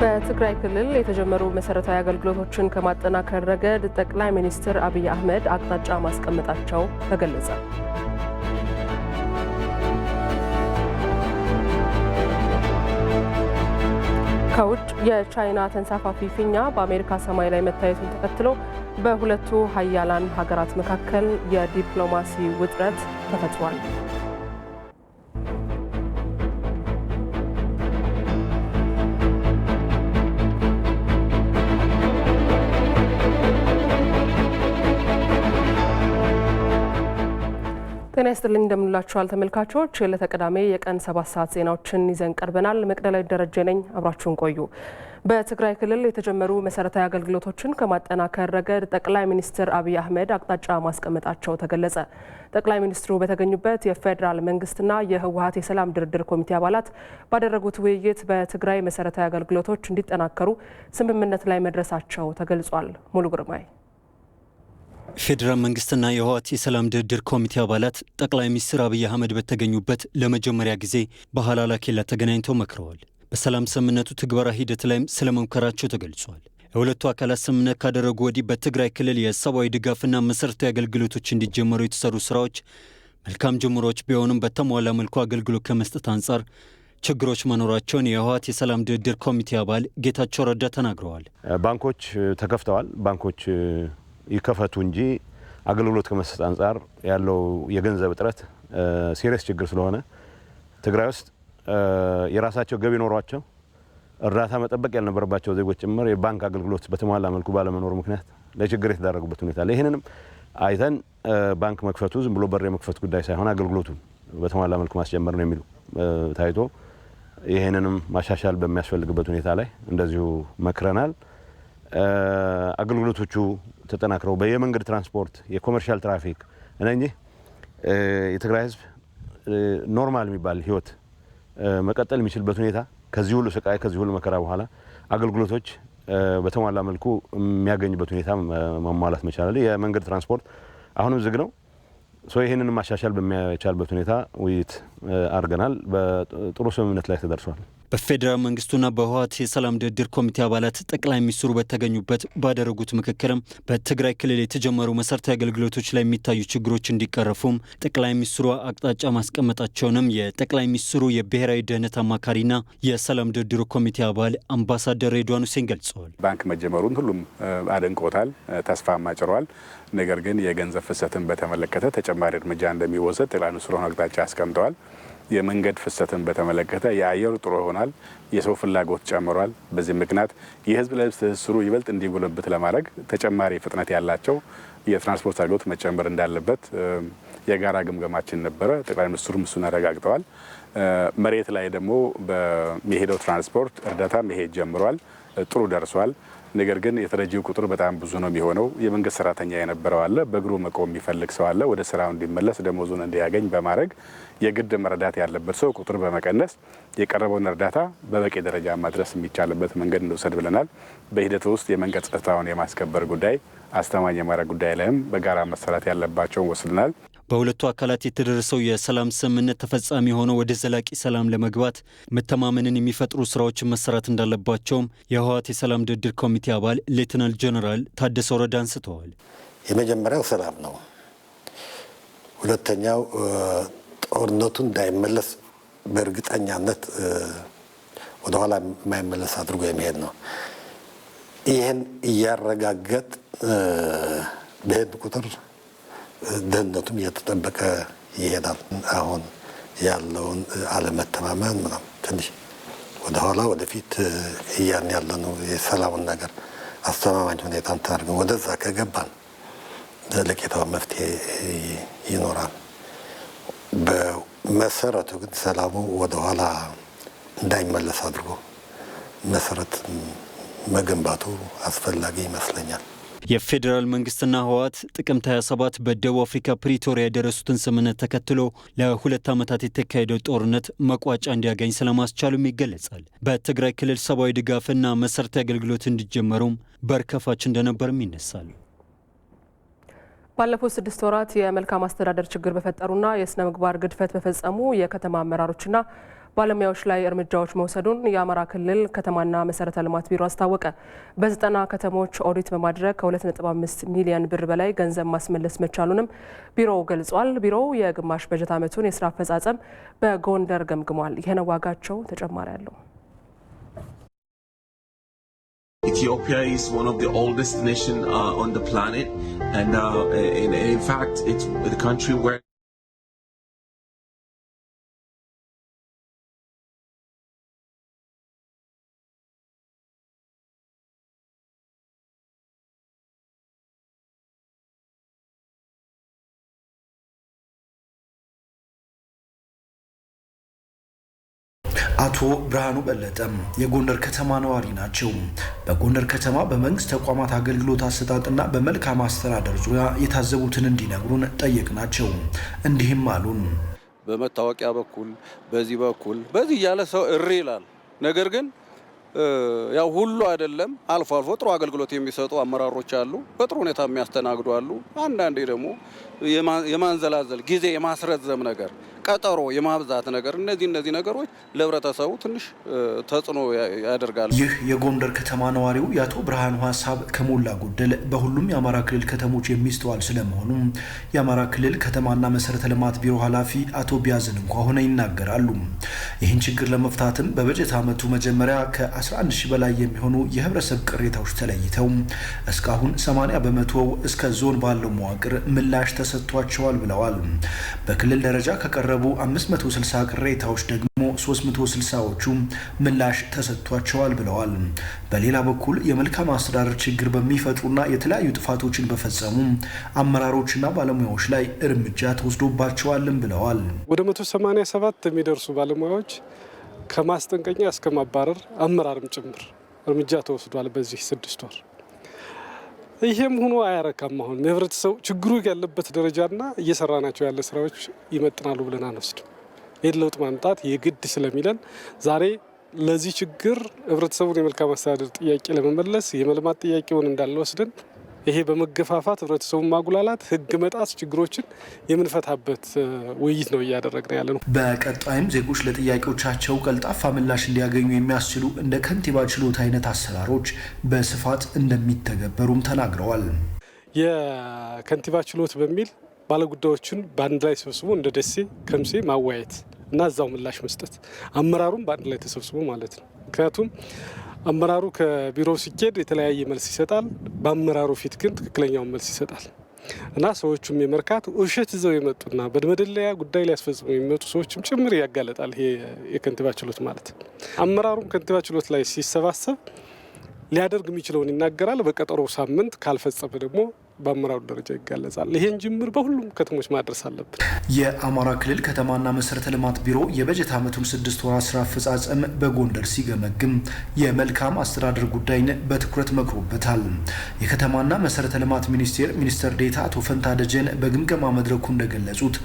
በትግራይ ክልል የተጀመሩ መሰረታዊ አገልግሎቶችን ከማጠናከር ረገድ ጠቅላይ ሚኒስትር አብይ አህመድ አቅጣጫ ማስቀመጣቸው ተገለጸ። ከውጭ የቻይና ተንሳፋፊ ፊኛ በአሜሪካ ሰማይ ላይ መታየቱን ተከትሎ በሁለቱ ሀያላን ሀገራት መካከል የዲፕሎማሲ ውጥረት ተፈጥሯል። ጤና ይስጥልኝ እንደምንላችኋል ተመልካቾች። ለተቀዳሜ የቀን ሰባት ሰዓት ዜናዎችን ይዘን ቀርበናል። መቅደላዊ ደረጀ ነኝ፣ አብራችሁን ቆዩ። በትግራይ ክልል የተጀመሩ መሰረታዊ አገልግሎቶችን ከማጠናከር ረገድ ጠቅላይ ሚኒስትር አብይ አህመድ አቅጣጫ ማስቀመጣቸው ተገለጸ። ጠቅላይ ሚኒስትሩ በተገኙበት የፌዴራል መንግስትና የህወሀት የሰላም ድርድር ኮሚቴ አባላት ባደረጉት ውይይት በትግራይ መሰረታዊ አገልግሎቶች እንዲጠናከሩ ስምምነት ላይ መድረሳቸው ተገልጿል። ሙሉ ግርማይ ፌዴራል መንግስትና የህወሓት የሰላም ድርድር ኮሚቴ አባላት ጠቅላይ ሚኒስትር አብይ አህመድ በተገኙበት ለመጀመሪያ ጊዜ በሃላላ ኬላ ተገናኝተው መክረዋል። በሰላም ስምምነቱ ትግበራ ሂደት ላይም ስለመምከራቸው ተገልጿል። የሁለቱ አካላት ስምምነት ካደረጉ ወዲህ በትግራይ ክልል የሰብአዊ ድጋፍና መሠረታዊ አገልግሎቶች እንዲጀመሩ የተሰሩ ስራዎች መልካም ጅምሮች ቢሆኑም በተሟላ መልኩ አገልግሎት ከመስጠት አንጻር ችግሮች መኖራቸውን የህወሓት የሰላም ድርድር ኮሚቴ አባል ጌታቸው ረዳ ተናግረዋል። ባንኮች ተከፍተዋል። ባንኮች ይከፈቱ እንጂ አገልግሎት ከመስጠት አንጻር ያለው የገንዘብ እጥረት ሲሪየስ ችግር ስለሆነ ትግራይ ውስጥ የራሳቸው ገቢ ኖሯቸው እርዳታ መጠበቅ ያልነበረባቸው ዜጎች ጭምር የባንክ አገልግሎት በተሟላ መልኩ ባለመኖሩ ምክንያት ለችግር የተዳረጉበት ሁኔታ አለ። ይህንንም አይተን ባንክ መክፈቱ ዝም ብሎ በር የመክፈት ጉዳይ ሳይሆን አገልግሎቱ በተሟላ መልኩ ማስጀመር ነው የሚሉ ታይቶ ይህንንም ማሻሻል በሚያስፈልግበት ሁኔታ ላይ እንደዚሁ መክረናል። አገልግሎቶቹ ተጠናክረው በየመንገድ ትራንስፖርት፣ የኮመርሻል ትራፊክ እነኚህ የትግራይ ህዝብ ኖርማል የሚባል ህይወት መቀጠል የሚችልበት ሁኔታ ከዚህ ሁሉ ስቃይ ከዚህ ሁሉ መከራ በኋላ አገልግሎቶች በተሟላ መልኩ የሚያገኝበት ሁኔታ መሟላት መቻል። የመንገድ ትራንስፖርት አሁንም ዝግ ነው። ሰው ይህንን ማሻሻል በሚቻልበት ሁኔታ ውይይት አድርገናል። በጥሩ ስምምነት ላይ ተደርሷል። በፌዴራል መንግስቱና በህወሓት የሰላም ድርድር ኮሚቴ አባላት ጠቅላይ ሚኒስትሩ በተገኙበት ባደረጉት ምክክርም በትግራይ ክልል የተጀመሩ መሰረታዊ አገልግሎቶች ላይ የሚታዩ ችግሮች እንዲቀረፉም ጠቅላይ ሚኒስትሩ አቅጣጫ ማስቀመጣቸውንም የጠቅላይ ሚኒስትሩ የብሔራዊ ደህንነት አማካሪና የሰላም ድርድሩ ኮሚቴ አባል አምባሳደር ሬድዋን ሁሴን ገልጸዋል። ባንክ መጀመሩን ሁሉም አደንቆታል፣ ተስፋ አጭሯል። ነገር ግን የገንዘብ ፍሰትን በተመለከተ ተጨማሪ እርምጃ እንደሚወሰድ ጠቅላይ ሚኒስትሩን አቅጣጫ አስቀምጠዋል። የመንገድ ፍሰትን በተመለከተ የአየሩ ጥሩ ይሆናል። የሰው ፍላጎት ጨምሯል። በዚህ ምክንያት የህዝብ ለህዝብ ትስስሩ ይበልጥ እንዲጎለብት ለማድረግ ተጨማሪ ፍጥነት ያላቸው የትራንስፖርት አገልግሎት መጨመር እንዳለበት የጋራ ግምገማችን ነበረ። ጠቅላይ ሚኒስትሩም እሱን አረጋግጠዋል። መሬት ላይ ደግሞ በሚሄደው ትራንስፖርት እርዳታ መሄድ ጀምሯል። ጥሩ ደርሷል። ነገር ግን የተረጂው ቁጥር በጣም ብዙ ነው የሚሆነው። የመንግስት ሰራተኛ የነበረው አለ፣ በእግሩ መቆም የሚፈልግ ሰው አለ። ወደ ስራው እንዲመለስ ደሞዙን እንዲያገኝ በማድረግ የግድ መረዳት ያለበት ሰው ቁጥር በመቀነስ የቀረበውን እርዳታ በበቂ ደረጃ ማድረስ የሚቻልበት መንገድ እንውሰድ ብለናል። በሂደት ውስጥ የመንገድ ጸጥታውን የማስከበር ጉዳይ አስተማማኝ የማድረግ ጉዳይ ላይም በጋራ መሰራት ያለባቸውን ወስድናል። በሁለቱ አካላት የተደረሰው የሰላም ስምምነት ተፈጻሚ ሆነው ወደ ዘላቂ ሰላም ለመግባት መተማመንን የሚፈጥሩ ስራዎችን መሰራት እንዳለባቸውም የህወሓት የሰላም ድርድር ኮሚቴ አባል ሌትናል ጀነራል ታደሰ ወረደ አንስተዋል። የመጀመሪያው ሰላም ነው። ሁለተኛው ጦርነቱ እንዳይመለስ በእርግጠኛነት ወደኋላ የማይመለስ አድርጎ የሚሄድ ነው። ይህን እያረጋገጥ በህንድ ቁጥር ደህንነቱም እየተጠበቀ ይሄዳል። አሁን ያለውን አለመተማመን ምናምን ትንሽ ወደኋላ ወደፊት እያን ያለ ነው። የሰላሙን ነገር አስተማማኝ ሁኔታን ተደርገን ወደዛ ከገባን ዘለቄታው መፍትሄ ይኖራል። በመሰረቱ ግን ሰላሙ ወደኋላ እንዳይመለስ አድርጎ መሰረት መገንባቱ አስፈላጊ ይመስለኛል። የፌዴራል መንግስትና ህወሓት ጥቅምት 27 በደቡብ አፍሪካ ፕሪቶሪያ የደረሱትን ስምምነት ተከትሎ ለሁለት ዓመታት የተካሄደው ጦርነት መቋጫ እንዲያገኝ ስለማስቻሉም ይገለጻል። በትግራይ ክልል ሰብአዊ ድጋፍና መሰረታዊ አገልግሎት እንዲጀመሩም በር ከፋች እንደነበርም ይነሳል። ባለፉት ስድስት ወራት የመልካም አስተዳደር ችግር በፈጠሩና የስነ ምግባር ግድፈት በፈጸሙ የከተማ አመራሮችና ባለሙያዎች ላይ እርምጃዎች መውሰዱን የአማራ ክልል ከተማና መሰረተ ልማት ቢሮ አስታወቀ። በዘጠና ከተሞች ኦዲት በማድረግ ከ2.5 ሚሊዮን ብር በላይ ገንዘብ ማስመለስ መቻሉንም ቢሮው ገልጿል። ቢሮው የግማሽ በጀት ዓመቱን የስራ አፈጻጸም በጎንደር ገምግሟል። ይህነ ዋጋቸው ተጨማሪ አለው። Ethiopia is one of the oldest nation uh, on the planet and uh, in fact it's the country where አቶ ብርሃኑ በለጠም የጎንደር ከተማ ነዋሪ ናቸው። በጎንደር ከተማ በመንግስት ተቋማት አገልግሎት አሰጣጥና በመልካም አስተዳደር ዙሪያ የታዘቡትን እንዲነግሩን ጠየቅናቸው። እንዲህም አሉን። በመታወቂያ በኩል በዚህ በኩል በዚህ እያለ ሰው እሪ ይላል። ነገር ግን ያው ሁሉ አይደለም። አልፎ አልፎ ጥሩ አገልግሎት የሚሰጡ አመራሮች አሉ፣ በጥሩ ሁኔታ የሚያስተናግዱ አሉ። አንዳንዴ ደግሞ የማንዘላዘል ጊዜ የማስረዘም ነገር ቀጠሮ የማብዛት ነገር እነዚህ እነዚህ ነገሮች ለህብረተሰቡ ትንሽ ተጽዕኖ ያደርጋል። ይህ የጎንደር ከተማ ነዋሪው የአቶ ብርሃኑ ሀሳብ ከሞላ ጎደል በሁሉም የአማራ ክልል ከተሞች የሚስተዋል ስለመሆኑ የአማራ ክልል ከተማና መሰረተ ልማት ቢሮ ኃላፊ አቶ ቢያዝን እንኳ ሆነ ይናገራሉ። ይህን ችግር ለመፍታትም በበጀት ዓመቱ መጀመሪያ ከ11 ሺ በላይ የሚሆኑ የህብረተሰብ ቅሬታዎች ተለይተው እስካሁን 80 በመቶው እስከ ዞን ባለው መዋቅር ምላሽ ተሰጥቷቸዋል ብለዋል። በክልል ደረጃ ከቀረ ከቀረቡ 560 ቅሬታዎች ደግሞ 360ዎቹ ምላሽ ተሰጥቷቸዋል ብለዋል። በሌላ በኩል የመልካም አስተዳደር ችግር በሚፈጥሩና የተለያዩ ጥፋቶችን በፈጸሙ አመራሮችና ባለሙያዎች ላይ እርምጃ ተወስዶባቸዋልም ብለዋል። ወደ 187 የሚደርሱ ባለሙያዎች ከማስጠንቀኛ እስከ ማባረር አመራርም ጭምር እርምጃ ተወስዷል በዚህ ስድስት ወር ይሄም ሆኖ አያረካም። አሁን የህብረተሰቡ ችግሩ ያለበት ደረጃና እየሰራ ናቸው ያለ ስራዎች ይመጥናሉ ብለን አንወስድም። ይህን ለውጥ ማምጣት የግድ ስለሚለን ዛሬ ለዚህ ችግር ህብረተሰቡን የመልካም አስተዳደር ጥያቄ ለመመለስ የመልማት ጥያቄውን እንዳለ ይሄ በመገፋፋት ህብረተሰቡን ማጉላላት፣ ህግ መጣስ ችግሮችን የምንፈታበት ውይይት ነው እያደረግን ያለ ነው። በቀጣይም ዜጎች ለጥያቄዎቻቸው ቀልጣፋ ምላሽ እንዲያገኙ የሚያስችሉ እንደ ከንቲባ ችሎት አይነት አሰራሮች በስፋት እንደሚተገበሩም ተናግረዋል። የከንቲባ ችሎት በሚል ባለጉዳዮችን በአንድ ላይ ሰብስቦ እንደ ደሴ ከምሴ ማወያየት እና እዛው ምላሽ መስጠት፣ አመራሩም በአንድ ላይ ተሰብስቦ ማለት ነው ምክንያቱም አመራሩ ከቢሮው ሲኬድ የተለያየ መልስ ይሰጣል። በአመራሩ ፊት ግን ትክክለኛውን መልስ ይሰጣል እና ሰዎቹም የመርካት ውሸት ይዘው የመጡና በመደለያ ጉዳይ ሊያስፈጽሙ የሚመጡ ሰዎችም ጭምር ያጋለጣል። ይሄ የከንቲባ ችሎት ማለት አመራሩም ከንቲባ ችሎት ላይ ሲሰባሰብ ሊያደርግ የሚችለውን ይናገራል። በቀጠሮ ሳምንት ካልፈጸመ ደግሞ በአመራሩ ደረጃ ይጋለጻል። ይሄን ጅምር በሁሉም ከተሞች ማድረስ አለብን። የአማራ ክልል ከተማና መሰረተ ልማት ቢሮ የበጀት ዓመቱን ስድስት ወራት ስራ አፈጻጸም በጎንደር ሲገመግም የመልካም አስተዳደር ጉዳይን በትኩረት መክሮበታል። የከተማና መሰረተ ልማት ሚኒስቴር ሚኒስትር ዴታ አቶ ፈንታ ደጀን በግምገማ መድረኩ እንደገለጹት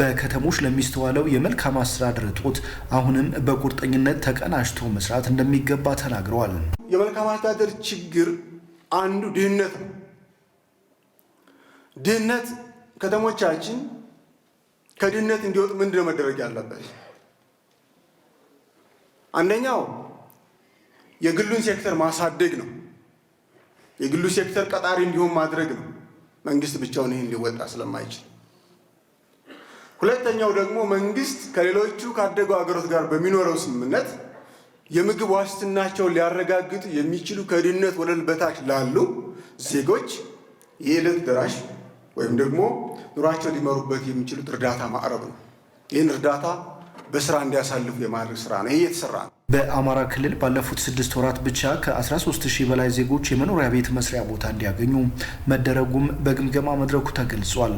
በከተሞች ለሚስተዋለው የመልካም አስተዳደር እጦት አሁንም በቁርጠኝነት ተቀናጅቶ መስራት እንደሚገባ ተናግረዋል። የመልካም አስተዳደር ችግር አንዱ ድህነት ነው። ድህነት ከተሞቻችን ከድህነት እንዲወጡ ምንድነው መደረግ ያለበት? አንደኛው የግሉን ሴክተር ማሳደግ ነው። የግሉ ሴክተር ቀጣሪ እንዲሆን ማድረግ ነው። መንግስት ብቻውን ይህን ሊወጣ ስለማይችል፣ ሁለተኛው ደግሞ መንግስት ከሌሎቹ ካደገው ሀገሮች ጋር በሚኖረው ስምምነት የምግብ ዋስትናቸውን ሊያረጋግጡ የሚችሉ ከድህነት ወለል በታች ላሉ ዜጎች የዕለት ደራሽ ወይም ደግሞ ኑሯቸው ሊመሩበት የሚችሉት እርዳታ ማቅረብ ነው። ይህን እርዳታ በስራ እንዲያሳልፉ የማድረግ ስራ ነው። ይህ እየተሰራ ነው። በአማራ ክልል ባለፉት ስድስት ወራት ብቻ ከ13 ሺህ በላይ ዜጎች የመኖሪያ ቤት መስሪያ ቦታ እንዲያገኙ መደረጉም በግምገማ መድረኩ ተገልጿል።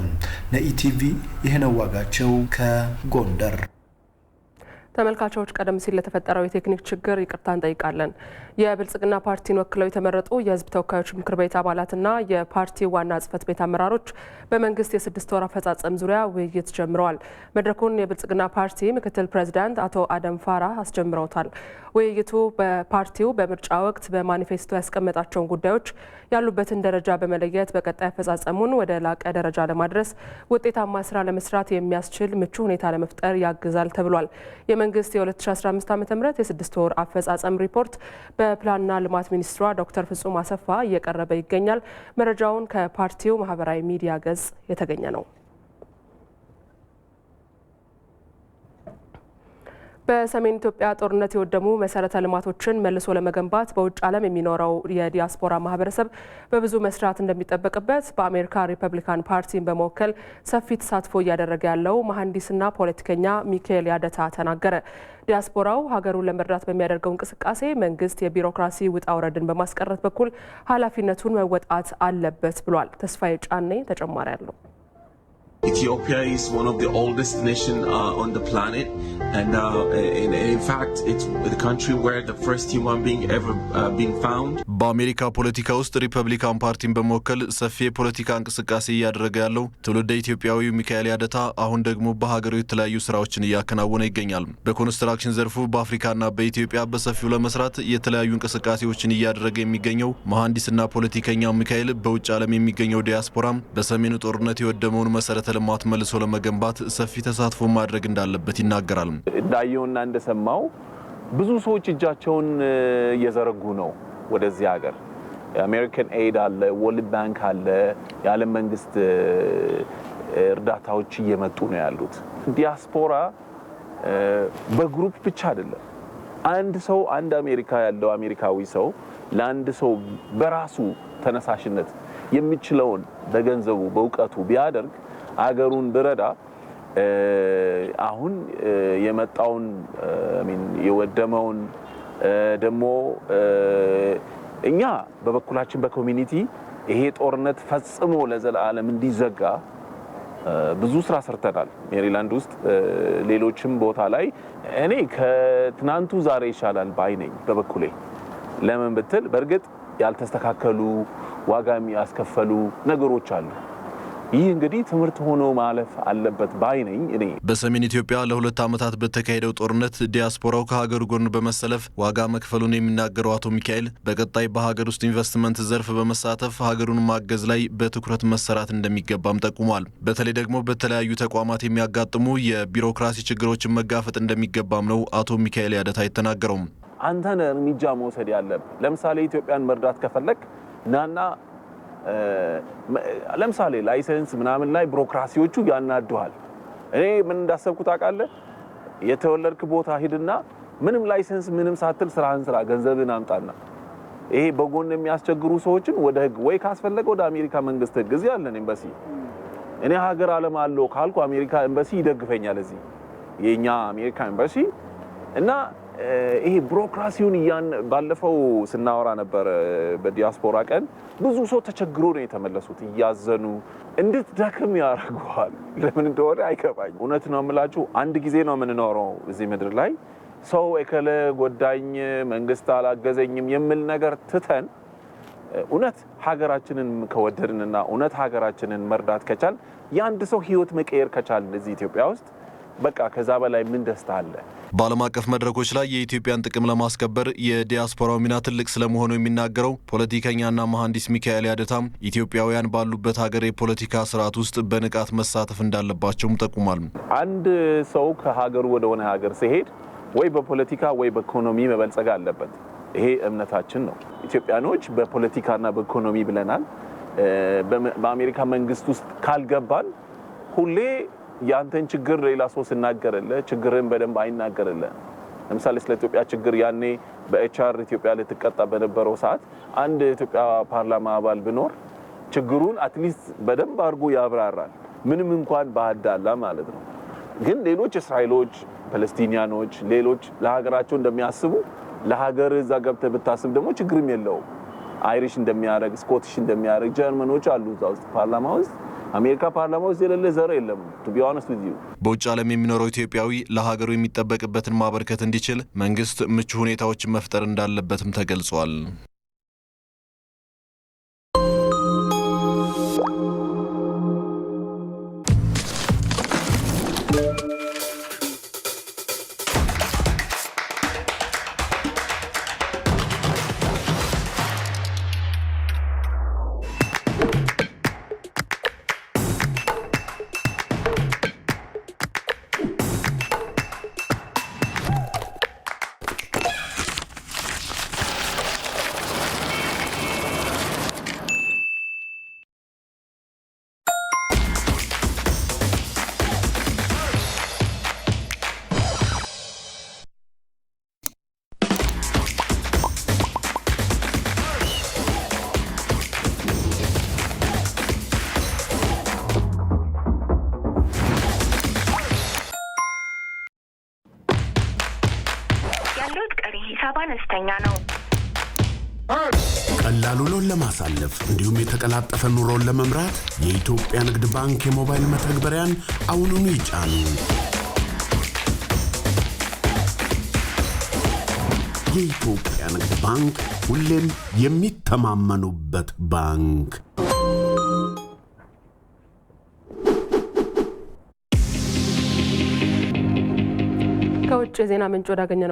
ለኢቲቪ ይህነው ዋጋቸው ከጎንደር ተመልካቾች ቀደም ሲል ለተፈጠረው የቴክኒክ ችግር ይቅርታ እንጠይቃለን። የብልጽግና ፓርቲን ወክለው የተመረጡ የህዝብ ተወካዮች ምክር ቤት አባላትና የፓርቲ ዋና ጽህፈት ቤት አመራሮች በመንግስት የስድስት ወር አፈጻጸም ዙሪያ ውይይት ጀምረዋል። መድረኩን የብልጽግና ፓርቲ ምክትል ፕሬዚዳንት አቶ አደም ፋራ አስጀምረውታል። ውይይቱ በፓርቲው በምርጫ ወቅት በማኒፌስቶ ያስቀመጣቸውን ጉዳዮች ያሉበትን ደረጃ በመለየት በቀጣይ አፈጻጸሙን ወደ ላቀ ደረጃ ለማድረስ ውጤታማ ስራ ለመስራት የሚያስችል ምቹ ሁኔታ ለመፍጠር ያግዛል ተብሏል። መንግስት የ2015 ዓ ም የስድስት ወር አፈጻጸም ሪፖርት በፕላንና ልማት ሚኒስትሯ ዶክተር ፍጹም አሰፋ እየቀረበ ይገኛል። መረጃውን ከፓርቲው ማህበራዊ ሚዲያ ገጽ የተገኘ ነው። በሰሜን ኢትዮጵያ ጦርነት የወደሙ መሰረተ ልማቶችን መልሶ ለመገንባት በውጭ ዓለም የሚኖረው የዲያስፖራ ማህበረሰብ በብዙ መስራት እንደሚጠበቅበት በአሜሪካ ሪፐብሊካን ፓርቲን በመወከል ሰፊ ተሳትፎ እያደረገ ያለው መሐንዲስና ፖለቲከኛ ሚካኤል ያደታ ተናገረ። ዲያስፖራው ሀገሩን ለመርዳት በሚያደርገው እንቅስቃሴ መንግስት የቢሮክራሲ ውጣ ውረድን በማስቀረት በኩል ኃላፊነቱን መወጣት አለበት ብሏል። ተስፋዬ ጫኔ ተጨማሪ አለው። Ethiopia is one of the oldest nation uh, on the planet and, and, uh, and in fact it's the country where the first human being ever uh, been found በአሜሪካ ፖለቲካ ውስጥ ሪፐብሊካን ፓርቲን በመወከል ሰፊ የፖለቲካ እንቅስቃሴ እያደረገ ያለው ትውልደ ኢትዮጵያዊው ሚካኤል ያደታ አሁን ደግሞ በሀገሩ የተለያዩ ስራዎችን እያከናወነ ይገኛል። በኮንስትራክሽን ዘርፉ በአፍሪካና በኢትዮጵያ በሰፊው ለመስራት የተለያዩ እንቅስቃሴዎችን እያደረገ የሚገኘው መሐንዲስና ፖለቲከኛው ሚካኤል በውጭ ዓለም የሚገኘው ዲያስፖራም በሰሜኑ ጦርነት የወደመውን መሰረተ ልማት መልሶ ለመገንባት ሰፊ ተሳትፎ ማድረግ እንዳለበት ይናገራል። እንዳየውና እንደሰማው ብዙ ሰዎች እጃቸውን እየዘረጉ ነው ወደዚህ ሀገር የአሜሪካን ኤድ አለ፣ ወርልድ ባንክ አለ፣ የዓለም መንግስት እርዳታዎች እየመጡ ነው ያሉት። ዲያስፖራ በግሩፕ ብቻ አይደለም። አንድ ሰው አንድ አሜሪካ ያለው አሜሪካዊ ሰው ለአንድ ሰው በራሱ ተነሳሽነት የሚችለውን በገንዘቡ በእውቀቱ ቢያደርግ አገሩን ብረዳ አሁን የመጣውን የወደመውን ደግሞ እኛ በበኩላችን በኮሚኒቲ ይሄ ጦርነት ፈጽሞ ለዘላለም እንዲዘጋ ብዙ ስራ ሰርተናል። ሜሪላንድ ውስጥ ሌሎችም ቦታ ላይ እኔ ከትናንቱ ዛሬ ይሻላል ባይ ነኝ በበኩሌ። ለምን ብትል በእርግጥ ያልተስተካከሉ ዋጋ ያስከፈሉ ነገሮች አሉ። ይህ እንግዲህ ትምህርት ሆኖ ማለፍ አለበት ባይ ነኝ እኔ። በሰሜን ኢትዮጵያ ለሁለት ዓመታት በተካሄደው ጦርነት ዲያስፖራው ከሀገሩ ጎን በመሰለፍ ዋጋ መክፈሉን የሚናገረው አቶ ሚካኤል በቀጣይ በሀገር ውስጥ ኢንቨስትመንት ዘርፍ በመሳተፍ ሀገሩን ማገዝ ላይ በትኩረት መሰራት እንደሚገባም ጠቁሟል። በተለይ ደግሞ በተለያዩ ተቋማት የሚያጋጥሙ የቢሮክራሲ ችግሮችን መጋፈጥ እንደሚገባም ነው አቶ ሚካኤል ያደታ የተናገረውም። አንተን እርምጃ መውሰድ ያለብህ ለምሳሌ ኢትዮጵያን መርዳት ከፈለግ ናና ለምሳሌ ላይሰንስ ምናምን ላይ ቢሮክራሲዎቹ ያናድሃል። እኔ ምን እንዳሰብኩት ታውቃለህ? የተወለድክ ቦታ ሂድና ምንም ላይሰንስ ምንም ሳትል ስራህን ስራ፣ ገንዘብን አምጣና ይሄ በጎን የሚያስቸግሩ ሰዎችን ወደ ህግ ወይ ካስፈለገ ወደ አሜሪካ መንግስት ህግ እዚህ ያለን ኤምባሲ እኔ ሀገር አለም አለው ካልኩ አሜሪካ ኤምባሲ ይደግፈኛል። እዚህ የእኛ አሜሪካ ኤምባሲ እና ይሄ ቢሮክራሲውን እያን ባለፈው ስናወራ ነበር። በዲያስፖራ ቀን ብዙ ሰው ተቸግሮ ነው የተመለሱት፣ እያዘኑ እንድትደክም ያደርገዋል። ለምን እንደሆነ አይገባኝ። እውነት ነው የምላችሁ፣ አንድ ጊዜ ነው የምንኖረው እዚህ ምድር ላይ። ሰው የከለ ጎዳኝ፣ መንግስት አላገዘኝም የሚል ነገር ትተን እውነት ሀገራችንን ከወደድንና እውነት ሀገራችንን መርዳት ከቻል የአንድ ሰው ህይወት መቀየር ከቻል እዚህ ኢትዮጵያ ውስጥ በቃ ከዛ በላይ ምን ደስታ አለ? በዓለም አቀፍ መድረኮች ላይ የኢትዮጵያን ጥቅም ለማስከበር የዲያስፖራው ሚና ትልቅ ስለመሆኑ የሚናገረው ፖለቲከኛና መሐንዲስ ሚካኤል ያደታም ኢትዮጵያውያን ባሉበት ሀገር የፖለቲካ ስርዓት ውስጥ በንቃት መሳተፍ እንዳለባቸውም ጠቁሟል። አንድ ሰው ከሀገሩ ወደ ሆነ ሀገር ሲሄድ ወይ በፖለቲካ ወይ በኢኮኖሚ መበልጸግ አለበት። ይሄ እምነታችን ነው። ኢትዮጵያኖች በፖለቲካና በኢኮኖሚ ብለናል። በአሜሪካ መንግስት ውስጥ ካልገባን ሁሌ ያንተን ችግር ሌላ ሰው ስናገርልህ ችግርን በደንብ አይናገርለ ለምሳሌ ስለ ኢትዮጵያ ችግር ያኔ በኤችአር ኢትዮጵያ ልትቀጣ በነበረው ሰዓት አንድ የኢትዮጵያ ፓርላማ አባል ቢኖር ችግሩን አትሊስት በደንብ አድርጎ ያብራራል፣ ምንም እንኳን ባዳላ ማለት ነው። ግን ሌሎች እስራኤሎች፣ ፓለስቲኒያኖች፣ ሌሎች ለሀገራቸው እንደሚያስቡ ለሀገር እዛ ገብተህ ብታስብ ደግሞ ችግርም የለውም። አይሪሽ እንደሚያደርግ፣ ስኮቲሽ እንደሚያደርግ ጀርመኖች አሉ እዛ ውስጥ ፓርላማ ውስጥ አሜሪካ ፓርላማ ውስጥ የሌለ ዘር የለም። በውጭ ዓለም የሚኖረው ኢትዮጵያዊ ለሀገሩ የሚጠበቅበትን ማበርከት እንዲችል መንግስት ምቹ ሁኔታዎችን መፍጠር እንዳለበትም ተገልጿል። የካሎሪ ሂሳብ አነስተኛ ነው። ቀላል ውሎን ለማሳለፍ እንዲሁም የተቀላጠፈ ኑሮን ለመምራት የኢትዮጵያ ንግድ ባንክ የሞባይል መተግበሪያን አሁኑኑ ይጫኑ። የኢትዮጵያ ንግድ ባንክ ሁሌም የሚተማመኑበት ባንክ። ከውጭ የዜና ምንጭ ወዳገኘ ነው።